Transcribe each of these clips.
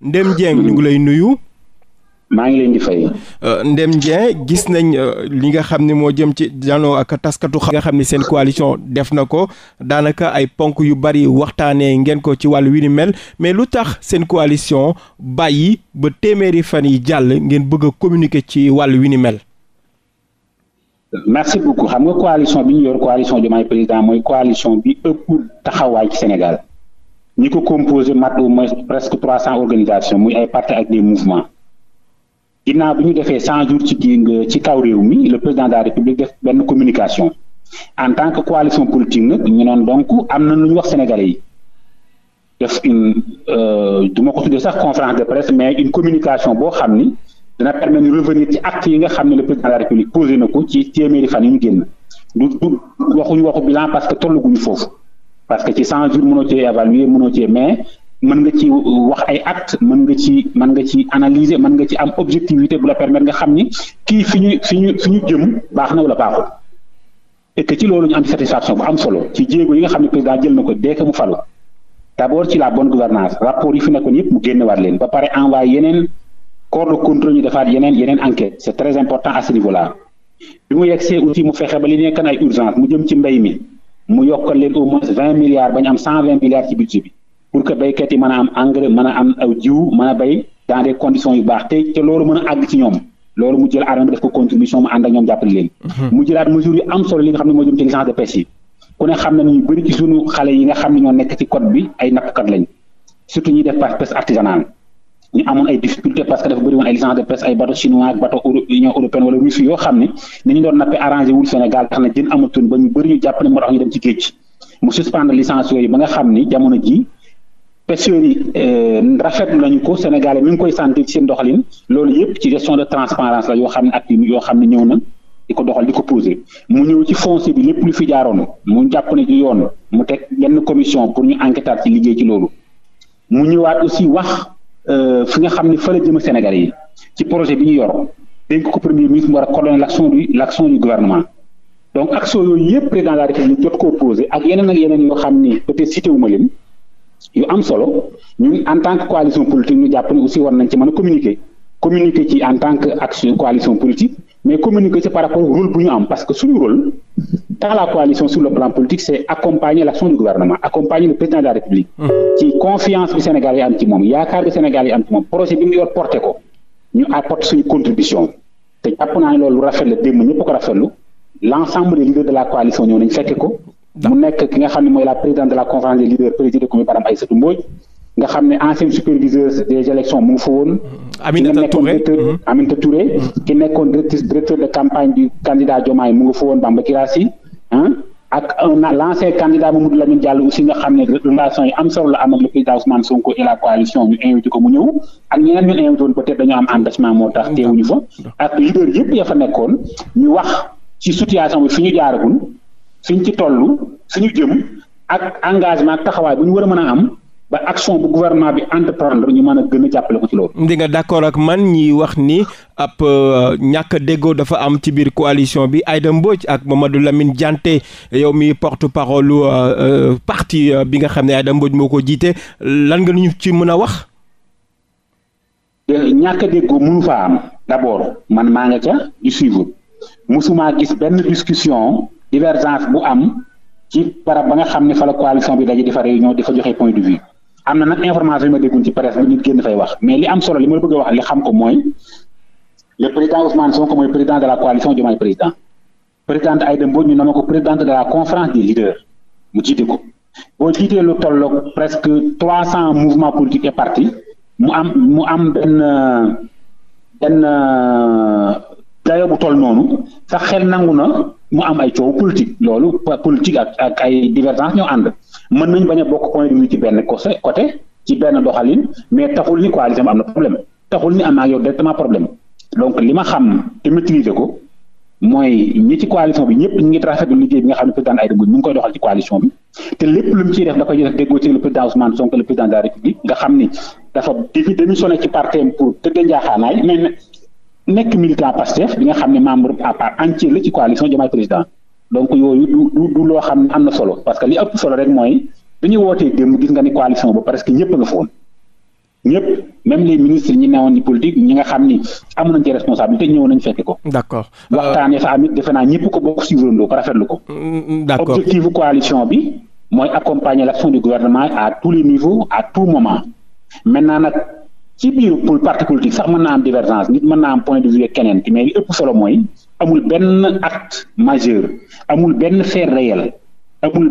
Ndem Dieng ñu ngi lay nuyu. maa ngi leen euh, gis nañ euh, li nga xam ne moo jëm ci janoo ak taskatu xam nga xam ne seen coalition def na ko daanaka ay ponk yu bari waxtaanee ngeen ko ci wàll wi ni mel mais lu tax seen coalition bàyyi ba téeméeri fan yi jàll ngeen bëgg a communiquer ci wàll wi ni mel. merci beaucoup xam nga bi ñu yor coalition Diomaye Président mooy coalition bi ëpp taxawaay Sénégal. ñi ko composé mat au moins presque trois cent organisations muy ay parti ak des mouvements ginnaaw bi ñu defee cent jours ci ci kaw réew mi le président de la république def benn communication en tant que coalition politique nag ñu noon donc am na lu ñu wax sénégalais yi def une euh, du ma ko tuddee sax conférence de presse mais une communication boo xam ni dana permettre ñu revenir ci acte yi nga xam ne le président de la république posé na ko ci téeméeri fan yi ñu génn du du waxuñu waxu bilan parce que tollaguñu foofu parce que ci 100 jours mënoo cee évaluer mënoo cee mais mën nga ci wax ay acte mën nga ci mën nga ci analyser mën nga ci am objectivité bu la permettre nga xam ni kii fi ñu fi ñu fi ñu jëm baax na wala baaxul et ci loolu ñu am satisfaction bu am solo ci jéego yi nga xam ne président jël na ko dès que mu falu d'abord ci la bonne gouvernance rapport yi fi nekkoon yëpp mu génnewaat leen ba pare envoyé yeneen corps de contrôle ñu defaat yeneen yeneen enquête c'est très important à ce niveau là bi mu aussi mu fexe ba li nekk ay urgence mu jëm ci mbay mi mu yokkal leen au moins vingt milliards ba ñu am cent vingt milliards bi pour que béykat yi mën a am engrais mën a am aw jiw mën a béy dans des yu baax te te loolu mën a àgg ci ñoom loolu mu jël armée bi def ko contribution mu ànd ñoom jàppale leen mhm. mu jëlaat mesures yu am solo li nga xam ne moo jëm ci licence de pêche yi ku ne xam ne ñu bëri ci suñu xale yi nga xam ne ñoo nekk ci code bi ay nappkat lañ surtout ñuy def pêche artisanale ñu amoon ay difficulté parce que dafa bëri woon ay licence de presse ay bateau chinois ak union européenne wala russe yoo xam ne ni ñu doon nappe arrangé Sénégal tax na jën amatoon ba ñu bëri ñu jàpp ne moo tax ñu dem ci géej mu suspendre licence yooyu ba nga xam ni jamono ji pêcheurs yi euh, rafetlu nañu ko Sénégal mi koy sentir ci seen doxalin loolu yëpp ci gestion de transparence la yoo xam ne ak yoo xam ni ñëw na di ko doxal di ko posé mu ñëw ci foncier bi lépp lu fi jaaroon mu jàpp ne du yoon mu teg yenn commission pour ñu enquêter ci liggéey ci loolu mu Euh, fi nga xam ne fa la jëm Sénégal yi ci projet bi ñu yor dénk ko premier ministre mu war a coordonner l' action du l' action du gouvernement donc action yooyu yëpp président de la république jot ko posé ak yeneen ak yeneen yoo xam ni peut être cité wu ma leen yu am solo ñu en tant que coalition politique ñu jàpp ne aussi war nañ ci mën a communiquer communiquer ci en tant que action coalition politique mais communiquer aussi par rapport au rôle bu ñu am parce que suñu rôle dans la coalition sur le plan politique c'est accompagner l'action du gouvernement accompagner le président de la République ci confiance bi Sénégal yi am ci moom yaakaar bi Sénégal yi am ci moom projet bi mu yor porté ko ñu apporte suñu contribution te jàpp naa ne loolu rafet la démb ñëpp ko rafetlu l'ensemble des leaders de la coalition ñëw nañ fekke ko mu nekk ki nga xam ne mooy la nga xam ne ancien superviseur des élections mu ngi fa woon. Aminata Touré ki nekkoon mm-hmm. Aminata Touré. Mm-hmm. ki nekkoon directrice directeur de campagne du candidat Diomaye mu ngi fa woon Bamba Kirassi ah ak un l'ancien candidat Mamadou Lamine Diallo aussi nga xam ne relation yi am solo la am ak le président Ousmane Sonko et la coalition ñu invité mu ñëw ak ñeneen ñu invité woon peut-être dañoo am empêchement moo tax teewuñu fa ak leader yëpp ya fa nekkoon ñu wax ci situation bi fi ñu jaaragul fi ñu ci toll fi ñu jëm ak engagement ak taxawaay bu ñu war a mën a am. ba action bu gouvernement bi entreprendre ñu mën a gën a jàppale ko ci loolu. di nga ak man ñi wax ni ab euh, ñàkk a déggoo dafa am ci biir coalition bi ay Aïda Mbodj ak Mamadou Lamine Diante yow mi porte parole lu euh, euh, parti bi nga xam ne Aïda Mbodj moo ko jiite lan nga ñu ci mën a wax. ñàkk a déggoo mënu faa am d' abord man maa nga ca di suivre mosuma gis benn discussion divergence bu am ci barab ba nga xam ne fa la coalition bi daje di fa réunion di fa joxe point de am na nag information yi ma déggoon ci presse bi nit génn fay wax mais li am solo li ma bëgg a wax li xam ko mooy le président Ousmane Sonko mooy président de la coalition Diomaye président présidente Aïda Mbodj ñu nama ko présidente de la conférence des leaders mu jiite ko boo jiitee lu tolloog presque trois cent mouvements politiques et partis mu am mu am benn benn dayo bu toll noonu sax xel nangu na mu am ay coow politique loolu politique ak ak ay divergence ñoo ànd mën nañ bañ a bokk point de vue ci benn côté ci benn doxalin mais taxul ni coalition bi am na problème taxul ni am naa yow directement problème donc li ma xam te maîtriser ko mooy ñi ci coalition bi ñëpp ñu ngi rafetlu liggéey bi nga xam ne président Aïda Mbodj ni dafa difi ci partem pour tëddee njaaxaanaay mais nekk militant Pastef bi nga xam ne membre à part entier ci coalition Diomaye président donc yooyu du du loo xam ne am na solo parce que li ëpp solo rek mooy bi ñu wootee démb gis nga ni coalition ba parce que ñëpp a nga foon ñëpp même les ministre ñi newoon ci politique ñi nga xam ni am nañ ci responsabilité ñëw nañ fekk ko. d' accord waxtaanee fa amit defe naa ñëpp ko bokk suivre ko rafetlu ko. Mm, mm, d' accord objectif coalition bi mooy accompagner l' action du gouvernement à tous les niveaux à tout moment maintenant nag. ci biir pour parti politique sax mën na am divergence nit mën na am point de vue keneen ki mais li ëpp solo mooy amul benn acte majeur amul benn fait réel amul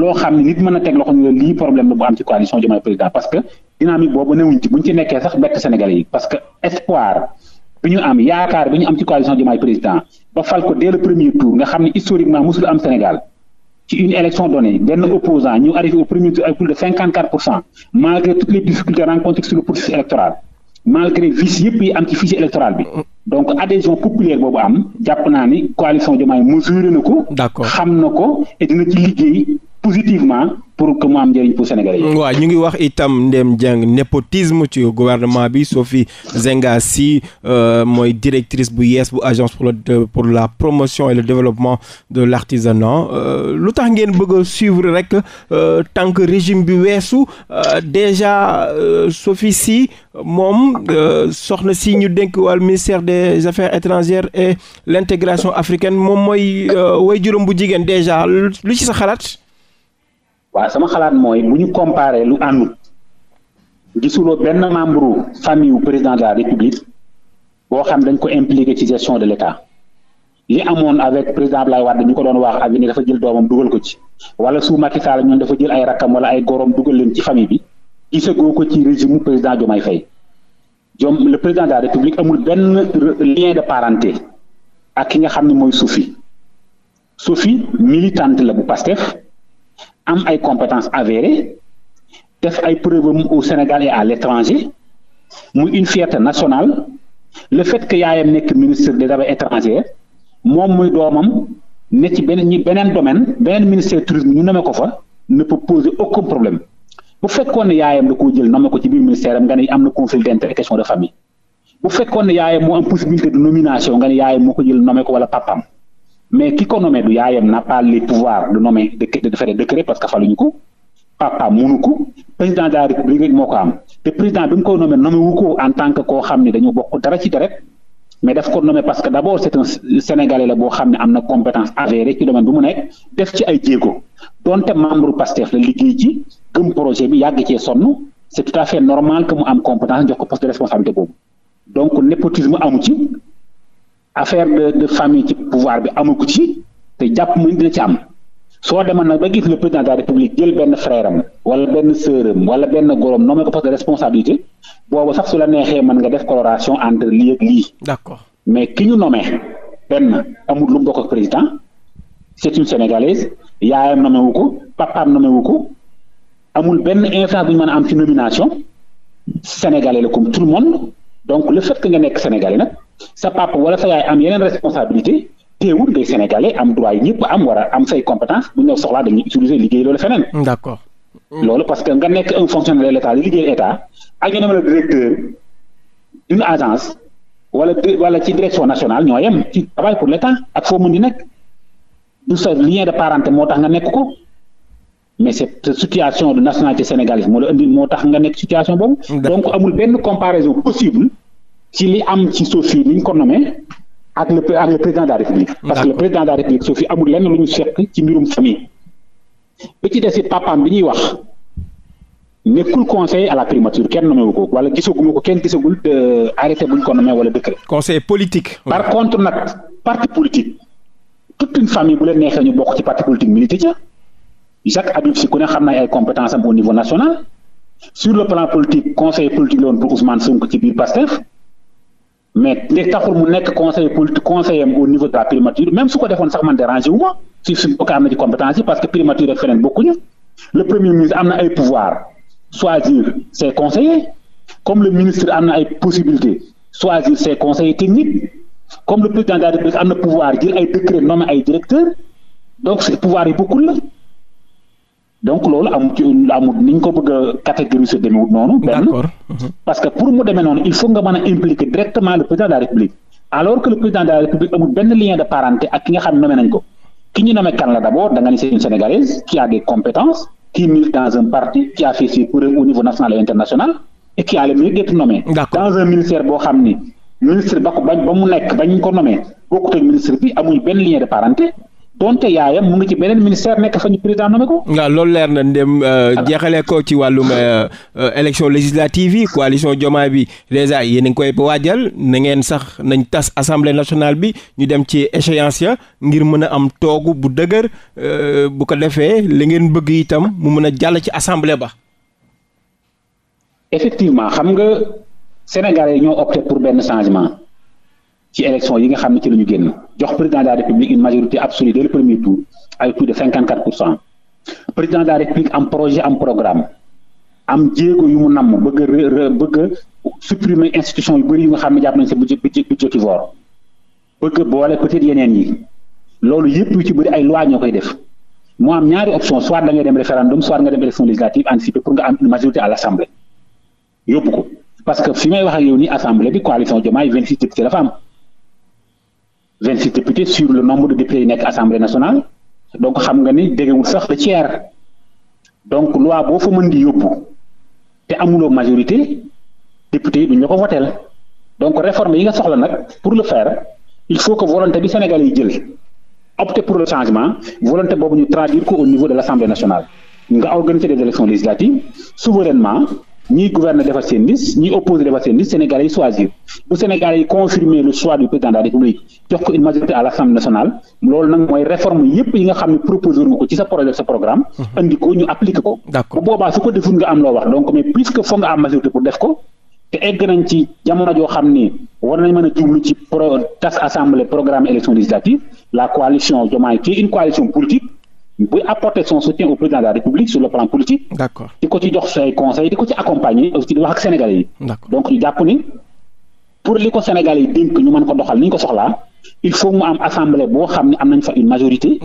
loo xam ne nit mën a teg loxo ñu lii problème la bu am ci coalition Diomaye président parce que dynamique boobu newuñ ci buñ ci nekkee sax bett Sénégalais yi parce que espoir bi ñu am yaakaar bi ñu am ci coalition Diomaye président ba fal ko dès le premier tour nga xam ne historiquement mosul am Sénégal ci une élection donnée benn opposant ñu arrivé au premier tour avec de malgré toutes les difficultés rencontrées sur le processus électoral malgré vices yëpp yi am ci fichier électoral bi donc adhésion populaire boobu am jàpp naa ni coalition Diomaye mesuré na ko. xam na ko et ci liggéey. pour que mu am njëriñ pour Sénégalais waa ñu ngi wax itam Ndem Dieng népotisme ci gouvernement bi Sophie Zenga Sy euh, mooy directrice bu yees bu agence pour la promotion et le développement de l'artisanat euh, lu tax ngeen bëgg a suivre rek euh, tant que régime bi weesu déjà Sophie si moom soxna si ñu dénk wàll ministère des affaires étrangères et l'intégration africaine moom mooy way juróom bu jigéen déjà lu ci sa xalaat. waaw sama xalaat mooy bu ñu comparee lu àndut gisuloo benn membre famille président de la république boo xam dañ ko impliqué ci gestion de l' état li amoon avec président Abdoulaye Wade ñu ko doon wax ak ne dafa jël doomam dugal ko ci wala su Macky Sall dafa jël ay rakkam wala ay gorom dugal leen ci famille bi gisagoo ko ci régime président Diomaye Faye Diom le président de la république amul benn lien de parenté ak ki nga xam ne mooy Sophie Sophie militante la bu am ay compétences avérées def ay preuves au Sénégal et à l'étranger muy une fierté nationale le fait que yaayam nekk ministre des affaires étrangères moom muy doomam ne ci beneen ñi beneen domaine beneen ministère tourisme ñu nome ko fa ne peut poser aucun problème bu fekkoon ne yaayam da koo jël nome ko ci biir ministère nga ne am na conflit d'intérêt de famille bu fekkoon ne yaayam moo am possibilité de nomination nga ne yaayam moo ko jël nome ko wala papam mais ki ko nommé du yaayam n'a pas les pouvoirs de nommer de de faire parce que faluñu ko papa ko président de la république rek moo ko am te président bi mu ko nommé nommé en tant que koo xam ne dañu bokk dara ci deret mais daf ko nommé parce que d' abord c' est boo xam ne am na compétence avérée ci domaine bi mu nekk def ci ay jéego donte membre Pastef la liggéey ci projet bi yàgg cee sonn c' est tout à fait normal que mu am compétence jox ko poste de responsabilité boobu donc népotisme ci affaire de famille ci pouvoir bi amu ko ci te jàpp mu dina ci am soo demoon nag ba gis le président de la république jël benn frère am wala benn sœur am wala benn gorom nommé ko poste de responsabilité boobu sax su la neexee mën nga def coloration entre lii ak lii. mais ki ñu nommé benn amul lu mu bokk président c'est une sénégalaise yaayam nommé ko papaam nommé wu ko amul benn influence bu ñu mën a am ci nomination sénégalais la comme tout le monde donc le fait nga nekk sénégalais nag. sa papa wala sa yaay am yeneen responsabilité teewul ngay sénégalais am droit yi ñëpp am war am say compétence bu ñu soxlaa dañuy utiliser liggéey loolu feneen. d'accord. loolu parce que nga nekk un fonctionnaire de l'état di liggéey état ak ñu ne ma le directeur d'une agence wala ci direction nationale ñoo yem ci travail pour l'état ak foo mën di nekk du sa lien de parenté moo tax nga nekk ko. mais cette situation de nationalité sénégalaise moo la indi moo tax nga nekk situation boobu. donc amul benn comparaison possible ci li am ci Sophie ni ñu ko ak le ak le président de la parce que le président de la république Sophie amul lenn lu ñu seq ci mbirum famille. bi ci des it papaam bi ñuy wax nekkul conseil à la primature kenn nommé wu ko wala gisaguma ko kenn gisagul euh, arrêté bu ñu ko nommé wala décret. conseil politique. par contre nag parti politique. toute famille bu leen neexee ñu bokk ci parti politique milité ca Jacques Habib Sy ku ne xam na ay compétence am au niveau national le conseil politique la woon pour Ousmane ci biir PASTEF mais li taxul mu nekk conseil politique conseiller au niveau de la primature même su ko defoon sax man dérangé wu ma si suñ bokk am na ci compétence yi parce que primature ak feneen bokkuñu le premier ministre am na ay pouvoir choisir ses conseillers comme le ministre am na ay possibilité choisir ses conseillers techniques comme le président de la République am na pouvoir jël ay décret nommer ay directeurs donc pouvoir yi bokkul la donc loolu am ci ñu ko bëgg a catégoriser demewut noonu. benn mhm. parce que pour mu demee noonu il faut nga mën a impliquer directement le président de la république alors que le président de la république amul benn lien de parenté ak ki nga xam ne nañ ko ki ñu nommé kan la d' abord ni c'est une a des compétences qui milite dans un parti qui a fait ses preuves au niveau national et international et qui a le mérite d'être dans un ministère boo xam ni ministre ba mu nekk ba ñu ko nommé bokkut ak ministre bi donte yaayam mu ngi ci beneen ministère nekk fa ñu président nommé ko. waaw loolu leer na ndem euh, jeexalee ko ci wàllum euh, euh, élection législative yi coalition Diomaye bi dèjà yéen a ngi koy waajal na ngeen sax nañ tas assemblée nationale bi ñu dem ci échéance ya ngir mën a am toogu bu dëgër bu ko defee li ngeen bëgg itam mu mën a jàll ci assemblée ba. effectivement xam nga Sénégalais ñoo opté pour benn changement. ci élection yi nga xam ne ci la ñu génn jox président de la république une majorité absolue dès le tour ay plus de cinquante quatre pour cent président de la république am projet am programme am jéego yu mu namm bëgg a bëgg a supprimer institution yu bëri yu nga xam ne jàpp nañ sa budget budgétivore bëgg a boole peut yeneen yi loolu yëpp yu ci bëri ay loi koy def moo am ñaari option soit da dem référendum soit nga dem élection législative anticipée pour nga 26 députés sur le nombre de députés yi nekk assemblée nationale donc xam nga ni déggewul sax le tiers donc loi boo fa mën di yóbbu te amuloo majorité député yi duñ la ko voteel donc réforme yi nga soxla nag pour le faire il faut que volonté bi Sénégal yi jël opter pour le changement volonté boobu ñu traduire ko au niveau de l'Assemblée nationale nga organiser des élections législatives souverainement ñiy gouverner defar seen liste ñiy opposé defar seen liste yi choisir bu Sénégalais yi confirmer le choix du président de la République jox ko une majorité à l'Assemblée nationale loolu nag mooy réforme yépp yi nga xam ne proposer nga ko ci sa projet sa programme mhm. andi ko ñu appliquer ko bu boobaa su ko deful nga am loo wax donc mais puisque foog nga am majorité pour def ko te egg nañ ci jamono joo xam ni war nañ mën a jublu ci pro tas assemblée programme élection la coalition bu apporter son soutien au président de la République sur le plan politique. d'accord di ci jox conseil di ko ci accompagner aussi di wax ak Sénégalais yi. donc ñu jàpp ni pour li ko Sénégalais yi dénk ñu mën ko doxal ni ñu ko soxlaa il faut mu am assemblée boo xam ne am nañ fa une majorité.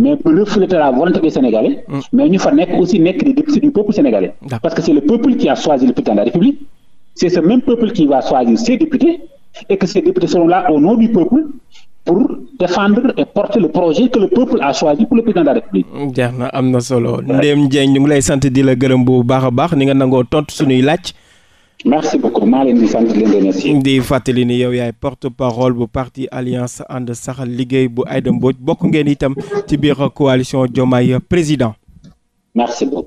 mais pour refléter la volonté des Sénégalais. Mm. mais ñu fa nekk aussi nekk des députés du peuple sénégalais. parce que c'est le peuple qui a choisi le peuple pour défendre projet que le jeex na am na solo Ndéme Dieng ñu ngi lay sant di la gërëm bu baax a baax ni nga nangoo tontu suñuy laaj. merci beaucoup fàttali ni yow yaay porte parole bu parti alliance ànd saxal liggéey bu Aïda Mbodj bokk ngeen itam ci biir coalition Diomaye président. merci beaucoup.